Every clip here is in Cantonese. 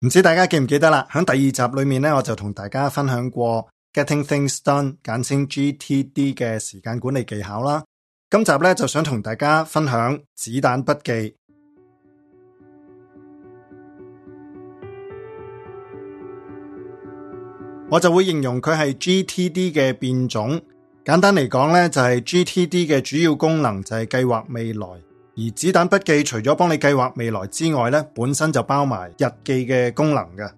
唔知大家記唔記得啦？喺第二集裏面咧，我就同大家分享過 Getting Things Done 簡稱 GTD 嘅時間管理技巧啦。今集咧就想同大家分享子彈筆記，我就會形容佢係 GTD 嘅變種。簡單嚟講咧，就係 GTD 嘅主要功能就係計劃未來。而子彈筆記除咗幫你計劃未來之外咧，本身就包埋日記嘅功能嘅。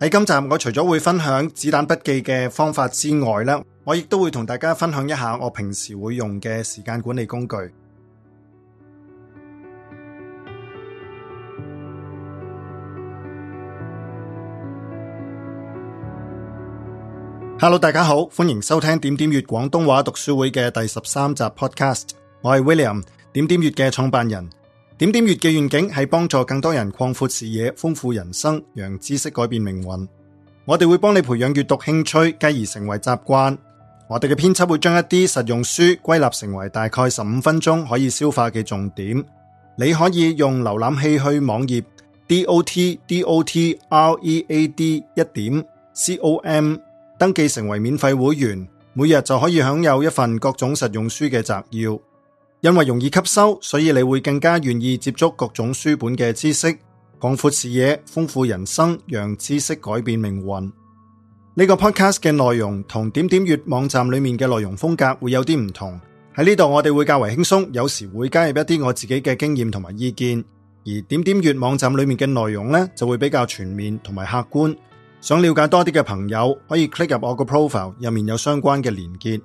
喺今集我除咗會分享子彈筆記嘅方法之外咧，我亦都會同大家分享一下我平時會用嘅時間管理工具。 Hello，大家好，歡迎收聽點點粵廣東話讀書會嘅第十三集 Podcast，我係 William。點點閱嘅創辦人，點點閱嘅願景係幫助更多人擴闊視野、豐富人生，讓知識改變命運。我哋會幫你培養閱讀興趣，繼而成為習慣。我哋嘅編輯會將一啲實用書歸納成為大概十五分鐘可以消化嘅重點。你可以用瀏覽器去網頁 dot dot read 一點 com 登記成為免費會員，每日就可以享有一份各種實用書嘅摘要。因為容易吸收，所以你會更加願意接觸各種書本嘅知識，廣闊視野，豐富人生，讓知識改變命運。呢個 podcast 嘅內容同點點閱網站裏面嘅內容風格會有啲唔同。喺呢度我哋會較為輕鬆，有時會加入一啲我自己嘅經驗同埋意見。而點點閱網站裏面嘅內容呢，就會比較全面同埋客觀。想了解多啲嘅朋友可以 click 入我個 profile 入面有相關嘅連結。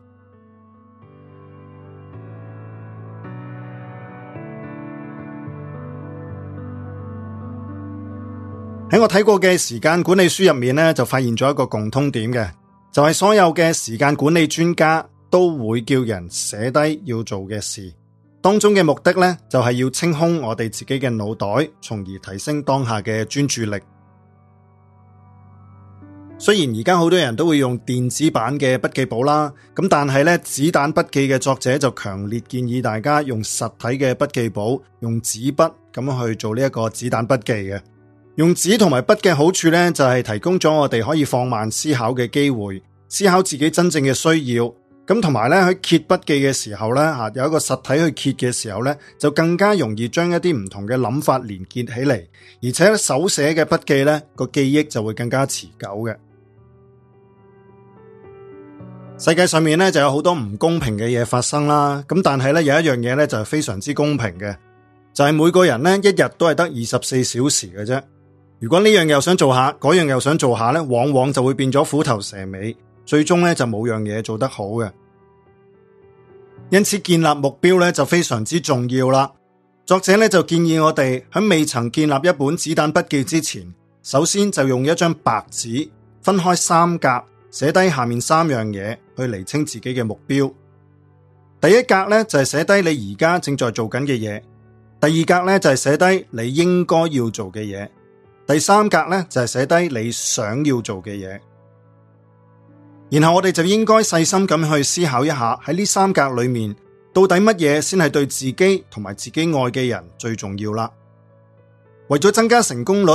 喺我睇過嘅時間管理書入面咧，就發現咗一個共通點嘅，就係所有嘅時間管理專家都會叫人寫低要做嘅事，當中嘅目的咧，就係要清空我哋自己嘅腦袋，從而提升當下嘅專注力。雖然而家好多人都會用電子版嘅筆記簿啦，咁但係咧子彈筆記嘅作者就強烈建議大家用實體嘅筆記簿，用紙筆咁去做呢一個子彈筆記嘅。用紙同埋筆嘅好處咧，就係提供咗我哋可以放慢思考嘅機會，思考自己真正嘅需要。咁同埋咧，喺揭筆記嘅時候咧，吓，啊，有一個實體去揭嘅時候咧，就更加容易將一啲唔同嘅諗法連結起嚟。而且手寫嘅筆記咧，個記憶就會更加持久嘅。世界上面咧，就有好多唔公平嘅嘢發生啦。咁但係咧，有一樣嘢咧，就係、是、非常之公平嘅，就係、是、每個人咧一日都係得二十四小時嘅啫。如果呢樣又想做下，嗰樣又想做下呢，往往就會變咗虎頭蛇尾，最終呢就冇樣嘢做得好嘅。因此建立目標呢就非常之重要啦。作者呢就建議我哋喺未曾建立一本子彈筆記之前，首先就用一張白紙分開三格，寫低下，下面三樣嘢去厘清自己嘅目標。第一格呢，就係寫低你而家正在做緊嘅嘢，第二格呢，就係寫低你應該要做嘅嘢。第三格咧就係寫低你想要做嘅嘢，然後我哋就應該細心咁去思考一下喺呢三格裏面到底乜嘢先係對自己同埋自己愛嘅人最重要啦。為咗增加成功率，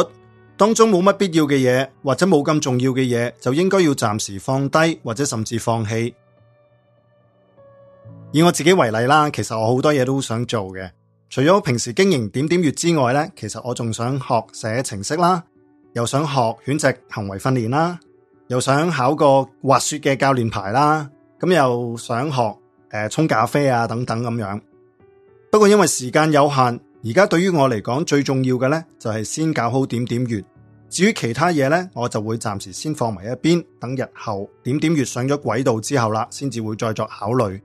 當中冇乜必要嘅嘢或者冇咁重要嘅嘢就應該要暫時放低或者甚至放棄。以我自己為例啦，其實我好多嘢都想做嘅。除咗平時經營點點閱之外呢，其實我仲想學寫程式啦，又想學犬隻行為訓練啦，又想考個滑雪嘅教練牌啦，咁又想學誒、呃、沖咖啡啊等等咁樣。不過因為時間有限，而家對於我嚟講最重要嘅呢，就係先搞好點點閱。至於其他嘢呢，我就會暫時先放埋一邊，等日後點點閱上咗軌道之後啦，先至會再作考慮。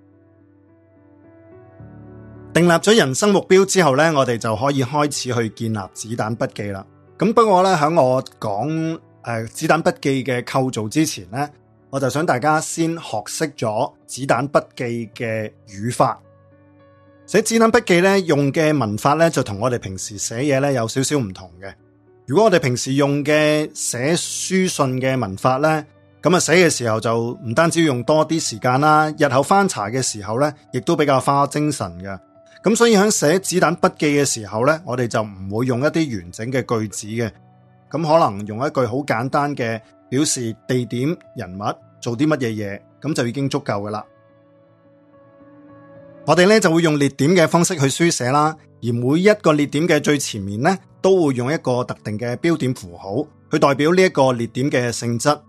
定立咗人生目標之後呢，我哋就可以開始去建立子彈筆記啦。咁不過呢，喺我講誒、呃、子彈筆記嘅構造之前呢，我就想大家先學識咗子彈筆記嘅語法。寫子彈筆記呢，用嘅文法呢，就同我哋平時寫嘢呢有少少唔同嘅。如果我哋平時用嘅寫書信嘅文法呢，咁啊寫嘅時候就唔單止要用多啲時間啦，日後翻查嘅時候呢，亦都比較花精神嘅。咁所以喺寫子彈筆記嘅時候呢，我哋就唔會用一啲完整嘅句子嘅，咁可能用一句好簡單嘅表示地點、人物做啲乜嘢嘢，咁就已經足夠噶啦。我哋呢就會用列點嘅方式去書寫啦，而每一個列點嘅最前面呢，都會用一個特定嘅標點符號去代表呢一個列點嘅性質。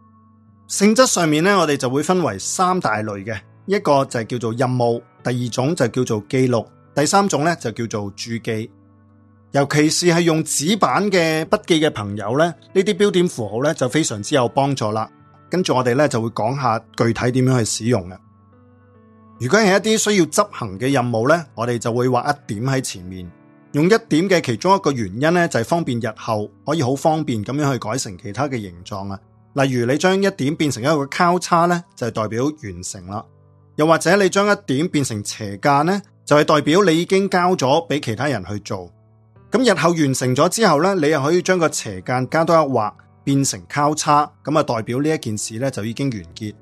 性質上面呢，我哋就會分為三大類嘅，一個就係叫做任務，第二種就叫做記錄。第三種咧就叫做注記，尤其是係用紙版嘅筆記嘅朋友咧，呢啲標點符號咧就非常之有幫助啦。跟住我哋咧就會講下具體點樣去使用啦。如果係一啲需要執行嘅任務咧，我哋就會畫一點喺前面，用一點嘅其中一個原因咧就係、是、方便日後可以好方便咁樣去改成其他嘅形狀啊。例如你將一點變成一個交叉咧，就代表完成啦；又或者你將一點變成斜架咧就係代表你已經交咗俾其他人去做，咁日後完成咗之後呢，你又可以將個斜間加多一畫，變成交叉，咁啊代表呢一件事呢，就已經完結。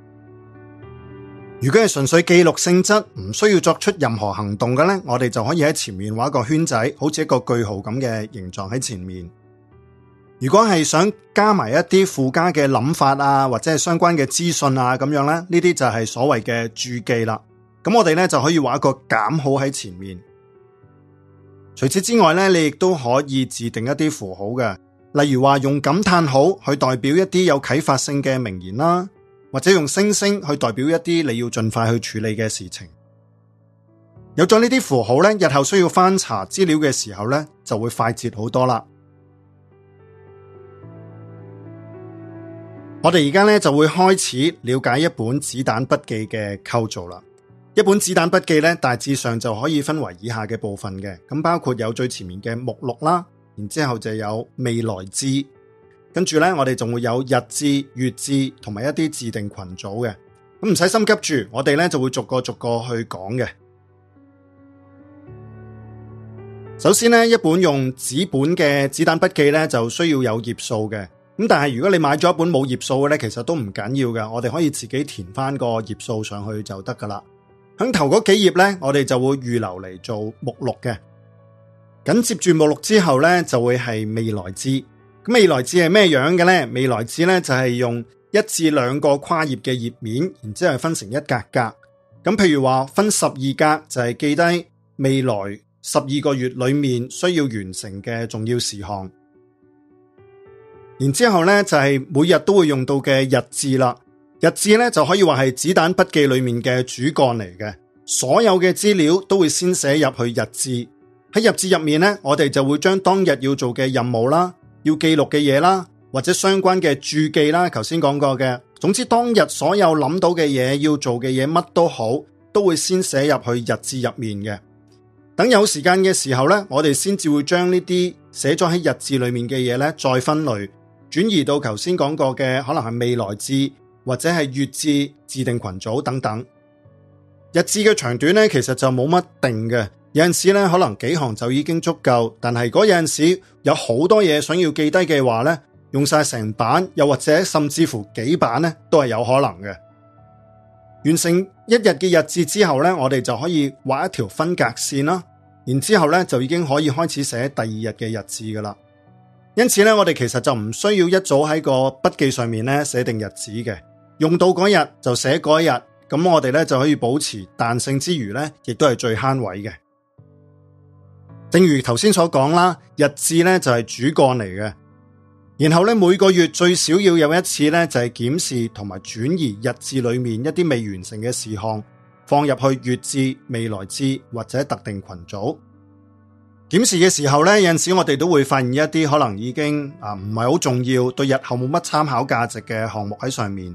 如果係純粹記錄性質，唔需要作出任何行動嘅呢，我哋就可以喺前面畫一個圈仔，好似一個句號咁嘅形狀喺前面。如果係想加埋一啲附加嘅諗法啊，或者係相關嘅資訊啊，咁樣呢，呢啲就係所謂嘅注記啦。咁我哋咧就可以畫一個減號喺前面。除此之外咧，你亦都可以自定一啲符號嘅，例如話用感嘆號去代表一啲有啟發性嘅名言啦，或者用星星去代表一啲你要盡快去處理嘅事情。有咗呢啲符號咧，日後需要翻查資料嘅時候咧，就會快捷好多啦。我哋而家咧就會開始了解一本子彈筆記嘅構造啦。一本子彈筆記咧，大致上就可以分為以下嘅部分嘅。咁包括有最前面嘅目錄啦，然之後就有未來誌，跟住呢，我哋仲會有日誌、月誌同埋一啲自定群組嘅。咁唔使心急住，我哋呢就會逐個逐個去講嘅。首先呢，一本用紙本嘅子彈筆記咧，就需要有頁數嘅。咁但係如果你買咗一本冇頁數嘅呢，其實都唔緊要嘅。我哋可以自己填返個頁數上去就得㗎喇。響頭嗰幾頁咧，我哋就會預留嚟做目錄嘅。緊接住目錄之後咧，就會係未來誌。咁未來誌係咩樣嘅咧？未來誌咧就係用一至兩個跨頁嘅頁面，然之後分成一格格。咁譬如話分十二格，就係記低未來十二個月裏面需要完成嘅重要事項。然之後咧就係每日都會用到嘅日誌啦。日誌咧就可以話係子彈筆記裏面嘅主幹嚟嘅，所有嘅資料都會先寫入去日誌。喺日誌入面咧，我哋就會將當日要做嘅任務啦、要記錄嘅嘢啦，或者相關嘅注記啦，頭先講過嘅，總之當日所有諗到嘅嘢、要做嘅嘢，乜都好，都會先寫入去日誌入面嘅。等有時間嘅時候咧，我哋先至會將呢啲寫咗喺日誌裏面嘅嘢咧，再分類轉移到頭先講過嘅，可能係未來誌。或者係月誌、自定群組等等，日誌嘅長短呢，其實就冇乜定嘅。有陣時呢，可能幾行就已經足夠；但係如果有陣時有好多嘢想要記低嘅話呢，用晒成版，又或者甚至乎幾版呢，都係有可能嘅。完成一日嘅日誌之後呢，我哋就可以畫一條分隔線啦。然之後呢，就已經可以開始寫第二日嘅日誌噶啦。因此呢，我哋其實就唔需要一早喺個筆記上面呢寫定日子嘅。用到嗰日就寫嗰一日，咁我哋咧就可以保持彈性之餘咧，亦都係最慳位嘅。正如頭先所講啦，日誌咧就係主幹嚟嘅。然後咧每個月最少要有一次咧，就係檢視同埋轉移日誌裏面一啲未完成嘅事項，放入去月誌、未來誌或者特定群組。檢視嘅時候咧，有陣時我哋都會發現一啲可能已經啊唔係好重要，對日後冇乜參考價值嘅項目喺上面。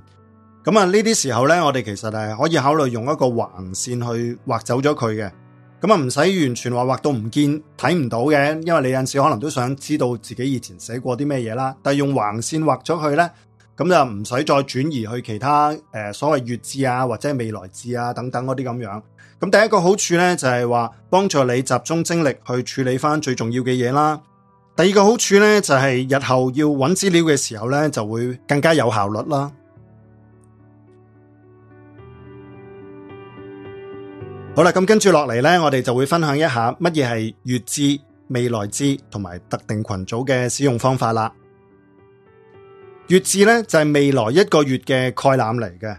咁啊，呢啲時候呢，我哋其實係可以考慮用一個橫線去畫走咗佢嘅。咁啊，唔使完全話畫到唔見睇唔到嘅，因為你有陣時可能都想知道自己以前寫過啲咩嘢啦。但係用橫線畫咗去呢，咁就唔使再轉移去其他誒、呃、所謂月字啊，或者未來字啊等等嗰啲咁樣。咁第一個好處呢，就係、是、話幫助你集中精力去處理翻最重要嘅嘢啦。第二個好處呢，就係、是、日後要揾資料嘅時候呢，就會更加有效率啦。好啦，咁跟住落嚟呢，我哋就會分享一下乜嘢係月誌、未來誌同埋特定群組嘅使用方法啦。月誌呢，就係未來一個月嘅概覽嚟嘅，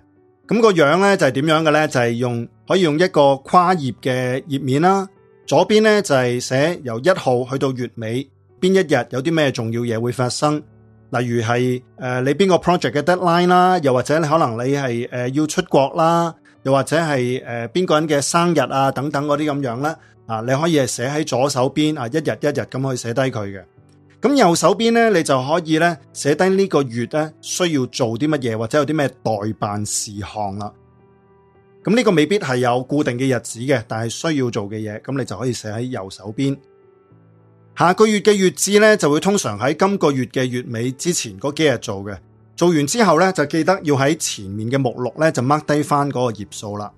咁個樣呢，就係點樣嘅呢？就係用可以用一個跨頁嘅頁面啦，左邊呢，就係寫由一號去到月尾邊一日有啲咩重要嘢會發生，例如係誒你邊個 project 嘅 deadline 啦，又或者你可能你係誒要出國啦。又或者係誒邊個人嘅生日啊等等嗰啲咁樣啦，啊，你可以係寫喺左手邊啊，一日一日咁去寫低佢嘅。咁右手邊呢，你就可以呢寫低呢個月咧需要做啲乜嘢或者有啲咩待辦事項啦。咁呢個未必係有固定嘅日子嘅，但係需要做嘅嘢，咁你就可以寫喺右手邊。下個月嘅月誌呢，就會通常喺今個月嘅月尾之前嗰幾日做嘅。做完之後呢，就記得要喺前面嘅目錄呢，就 mark 低翻嗰個頁數啦。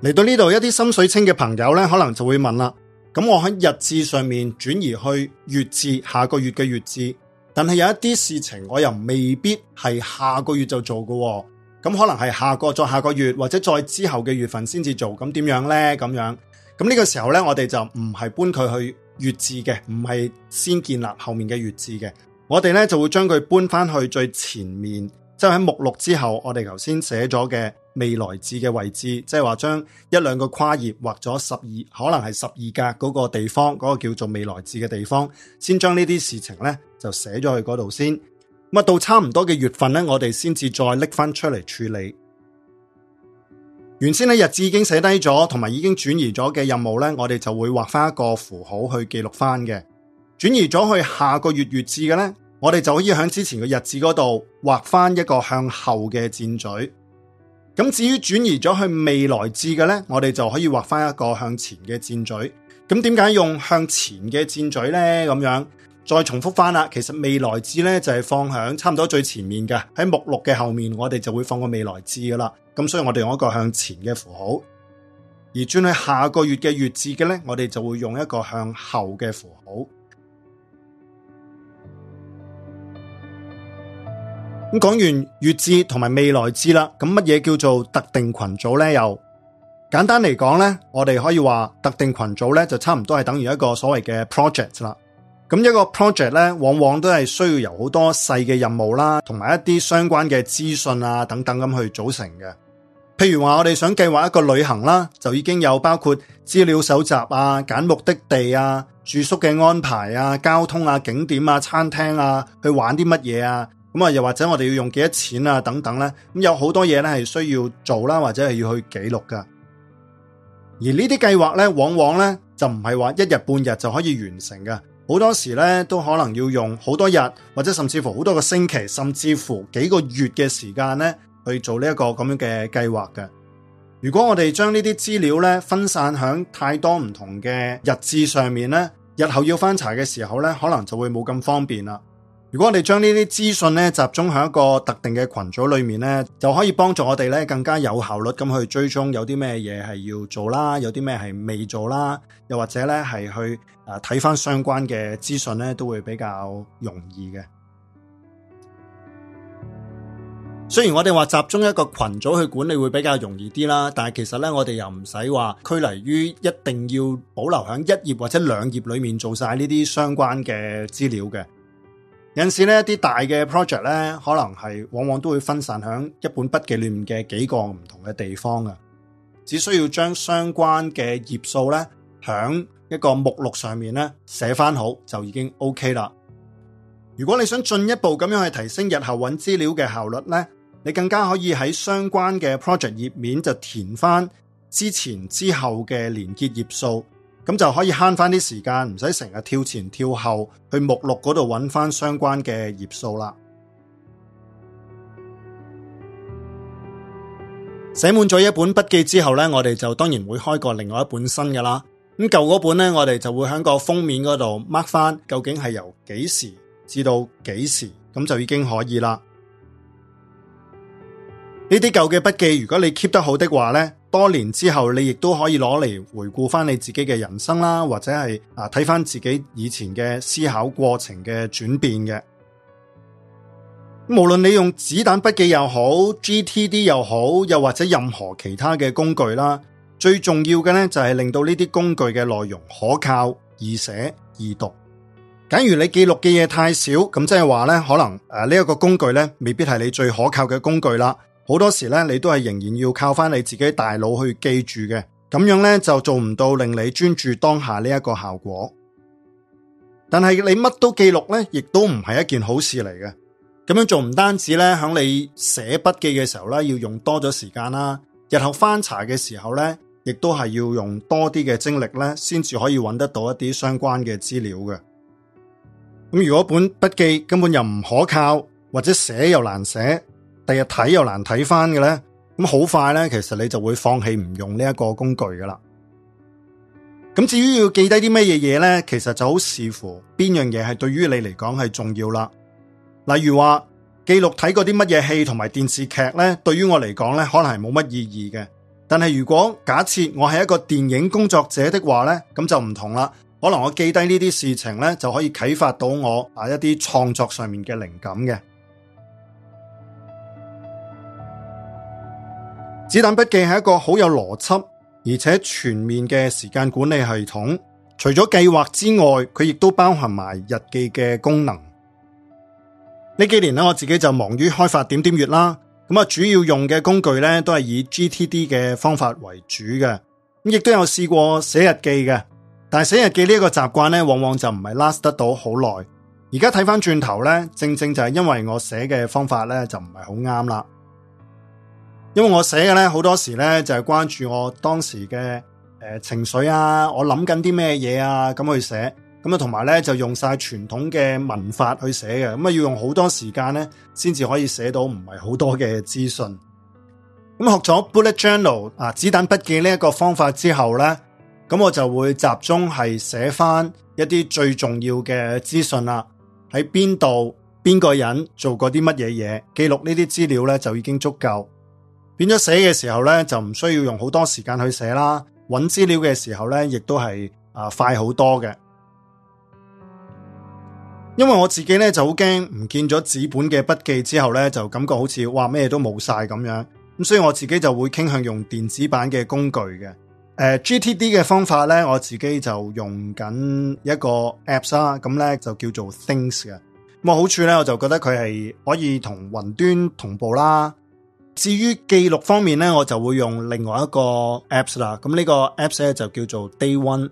嚟到呢度，一啲心水清嘅朋友呢，可能就會問啦。咁我喺日誌上面轉移去月誌，下個月嘅月誌，但係有一啲事情我又未必係下個月就做嘅，哦，咁可能係下個再下個月或者再之後嘅月份先至做，咁點樣呢？咁樣，咁呢個時候呢，我哋就唔係搬佢去月誌嘅，唔係先建立後面嘅月誌嘅。我哋咧就會將佢搬翻去最前面，即係喺目錄之後，我哋頭先寫咗嘅未來誌嘅位置，即係話將一兩個跨頁畫咗十二，可能係十二格嗰個地方，嗰個叫做未來誌嘅地方，先將呢啲事情呢就寫咗去嗰度先。咁到差唔多嘅月份呢，我哋先至再拎翻出嚟處理。原先呢日誌已經寫低咗，同埋已經轉移咗嘅任務呢，我哋就會畫翻一個符號去記錄翻嘅。轉移咗去下個月月字嘅，呢，我哋就可以喺之前嘅日誌嗰度畫翻一個向後嘅箭嘴。咁至於轉移咗去未來字嘅，呢，我哋就可以畫翻一個向前嘅箭嘴。咁點解用向前嘅箭嘴呢？咁樣再重複翻啦。其實未來字呢，就係放響差唔多最前面噶，喺目錄嘅後面，我哋就會放個未來字噶啦。咁所以我哋用一個向前嘅符號，而轉去下個月嘅月字嘅，呢，我哋就會用一個向後嘅符號。咁講完月誌同埋未來誌啦，咁乜嘢叫做特定群組咧？又簡單嚟講咧，我哋可以話特定群組咧就差唔多係等於一個所謂嘅 project 啦。咁一個 project 咧，往往都係需要由好多細嘅任務啦，同埋一啲相關嘅資訊啊等等咁去組成嘅。譬如話我哋想計劃一個旅行啦，就已經有包括資料搜集啊、揀目的地啊、住宿嘅安排啊、交通啊、景點啊、餐廳啊、去玩啲乜嘢啊。咁啊，又或者我哋要用幾多錢啊，等等呢，咁有好多嘢呢係需要做啦，或者係要去記錄噶。而呢啲計劃呢，往往呢就唔係話一日半日就可以完成嘅，好多時呢，都可能要用好多日，或者甚至乎好多個星期，甚至乎幾個月嘅時間呢去做呢一個咁樣嘅計劃嘅。如果我哋將呢啲資料呢分散喺太多唔同嘅日誌上面呢，日後要翻查嘅時候呢，可能就會冇咁方便啦。如果我哋將呢啲資訊咧集中喺一個特定嘅群組裏面咧，就可以幫助我哋咧更加有效率咁去追蹤有啲咩嘢係要做啦，有啲咩係未做啦，又或者咧係去誒睇翻相關嘅資訊咧，都會比較容易嘅。雖然我哋話集中一個群組去管理會比較容易啲啦，但係其實咧我哋又唔使話拘泥於一定要保留喺一頁或者兩頁裏面做晒呢啲相關嘅資料嘅。有陣時咧，啲大嘅 project 咧，可能係往往都會分散喺一本筆記裏面嘅幾個唔同嘅地方噶。只需要將相關嘅頁數咧，響一個目錄上面咧寫翻好就已經 OK 啦。如果你想進一步咁樣去提升日後揾資料嘅效率咧，你更加可以喺相關嘅 project 頁面就填翻之前之後嘅連結頁數。咁就可以慳翻啲時間，唔使成日跳前跳後去目錄嗰度揾翻相關嘅頁數啦。寫滿咗一本筆記之後呢，我哋就當然會開過另外一本新嘅啦。咁舊嗰本呢，我哋就會喺個封面嗰度 mark 翻，究竟係由幾時至到幾時，咁就已經可以啦。呢啲舊嘅筆記，如果你 keep 得好的話呢。多年之後，你亦都可以攞嚟回顧翻你自己嘅人生啦，或者係啊睇翻自己以前嘅思考過程嘅轉變嘅。無論你用子彈筆記又好，G T D 又好，又或者任何其他嘅工具啦，最重要嘅呢就係令到呢啲工具嘅內容可靠，易寫易讀。假如你記錄嘅嘢太少，咁即係話呢，可能誒呢一個工具呢未必係你最可靠嘅工具啦。好多時咧，你都係仍然要靠翻你自己大腦去記住嘅，咁樣咧就做唔到令你專注當下呢一個效果。但係你乜都記錄咧，亦都唔係一件好事嚟嘅。咁樣做唔單止咧，響你寫筆記嘅時候咧，要用多咗時間啦，日後翻查嘅時候咧，亦都係要用多啲嘅精力咧，先至可以揾得到一啲相關嘅資料嘅。咁如果本筆記根本又唔可靠，或者寫又難寫。第二日睇又難睇翻嘅咧，咁好快咧，其實你就會放棄唔用呢一個工具噶啦。咁至於要記低啲乜嘢嘢咧，其實就好視乎邊樣嘢係對於你嚟講係重要啦。例如話記錄睇過啲乜嘢戲同埋電視劇咧，對於我嚟講咧，可能係冇乜意義嘅。但係如果假設我係一個電影工作者的話咧，咁就唔同啦。可能我記低呢啲事情咧，就可以啟發到我啊一啲創作上面嘅靈感嘅。子彈筆記係一個好有邏輯而且全面嘅時間管理系統。除咗計劃之外，佢亦都包含埋日記嘅功能。呢幾年咧，我自己就忙於開發點點閱啦。咁啊，主要用嘅工具咧，都係以 GTD 嘅方法為主嘅。咁亦都有試過寫日記嘅，但係寫日記呢一個習慣咧，往往就唔係 last 得到好耐。而家睇翻轉頭咧，正正就係因為我寫嘅方法咧，就唔係好啱啦。因為我寫嘅咧，好多時咧就係關注我當時嘅，誒、呃、情緒啊，我諗緊啲咩嘢啊，咁去寫，咁啊同埋咧就用晒傳統嘅文法去寫嘅，咁啊要用好多時間咧，先至可以寫到唔係好多嘅資訊。咁、嗯、學咗 Bullet Journal 啊，子彈筆記呢一個方法之後咧，咁我就會集中係寫翻一啲最重要嘅資訊啦。喺邊度邊個人做過啲乜嘢嘢，記錄呢啲資料咧就已經足夠。變咗寫嘅時候咧，就唔需要用好多時間去寫啦。揾資料嘅時候咧，亦都係啊、呃、快好多嘅。因為我自己咧就好驚唔見咗紙本嘅筆記之後咧，就感覺好似哇咩都冇晒咁樣。咁、嗯、所以我自己就會傾向用電子版嘅工具嘅。誒、呃、GTD 嘅方法咧，我自己就用緊一個 apps 啦、啊。咁咧就叫做 Things 嘅。咁啊好處咧，我就覺得佢係可以同雲端同步啦。至於記錄方面咧，我就會用另外一個 apps 啦。咁呢個 apps 咧就叫做 Day One。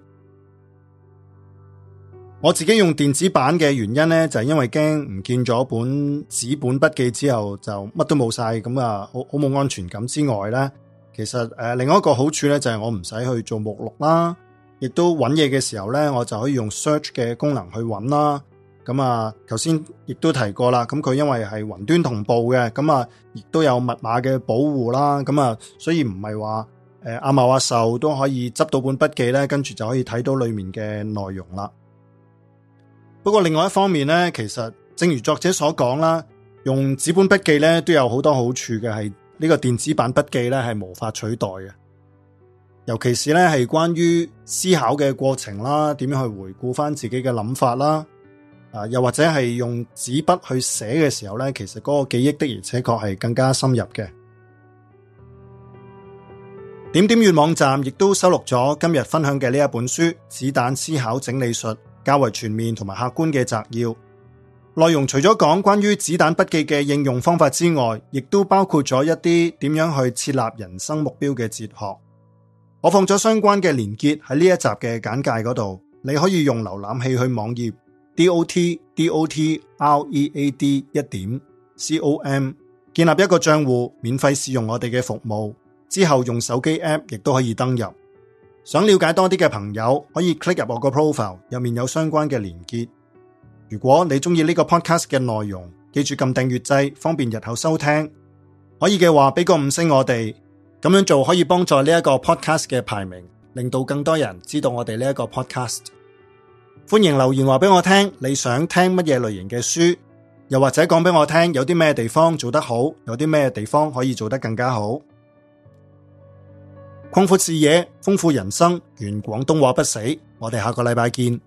我自己用電子版嘅原因咧，就係因為驚唔見咗本紙本筆記之後就乜都冇晒，咁啊好冇安全感之外咧，其實誒、呃、另外一個好處咧，就係我唔使去做目錄啦，亦都揾嘢嘅時候咧，我就可以用 search 嘅功能去揾啦。咁啊，頭先亦都提過啦。咁佢因為係雲端同步嘅，咁啊，亦都有密碼嘅保護啦。咁啊，所以唔係話誒阿茂阿壽都可以執到本筆記咧，跟住就可以睇到裏面嘅內容啦。不過另外一方面咧，其實正如作者所講啦，用紙本筆記咧都有好多好處嘅，係呢個電子版筆記咧係無法取代嘅。尤其是咧係關於思考嘅過程啦，點樣去回顧翻自己嘅諗法啦。又或者係用紙筆去寫嘅時候呢，其實嗰個記憶的而且確係更加深入嘅。點點閱網站亦都收錄咗今日分享嘅呢一本書《子彈思考整理術》，較為全面同埋客觀嘅摘要內容。除咗講關於子彈筆記嘅應用方法之外，亦都包括咗一啲點樣去設立人生目標嘅哲學。我放咗相關嘅連結喺呢一集嘅簡介嗰度，你可以用瀏覽器去網頁。dot dot read 一點 com 建立一個賬戶，免費試用我哋嘅服務，之後用手機 app 亦都可以登入。想了解多啲嘅朋友可以 click 入我個 profile，入面有相關嘅連結。如果你中意呢個 podcast 嘅內容，記住撳訂閱掣，方便日後收聽。可以嘅話，俾個五星我哋，咁樣做可以幫助呢一個 podcast 嘅排名，令到更多人知道我哋呢一個 podcast。歡迎留言話俾我聽，你想聽乜嘢類型嘅書，又或者講俾我聽，有啲咩地方做得好，有啲咩地方可以做得更加好，擴闊視野，豐富人生，願廣東話不死。我哋下個禮拜見。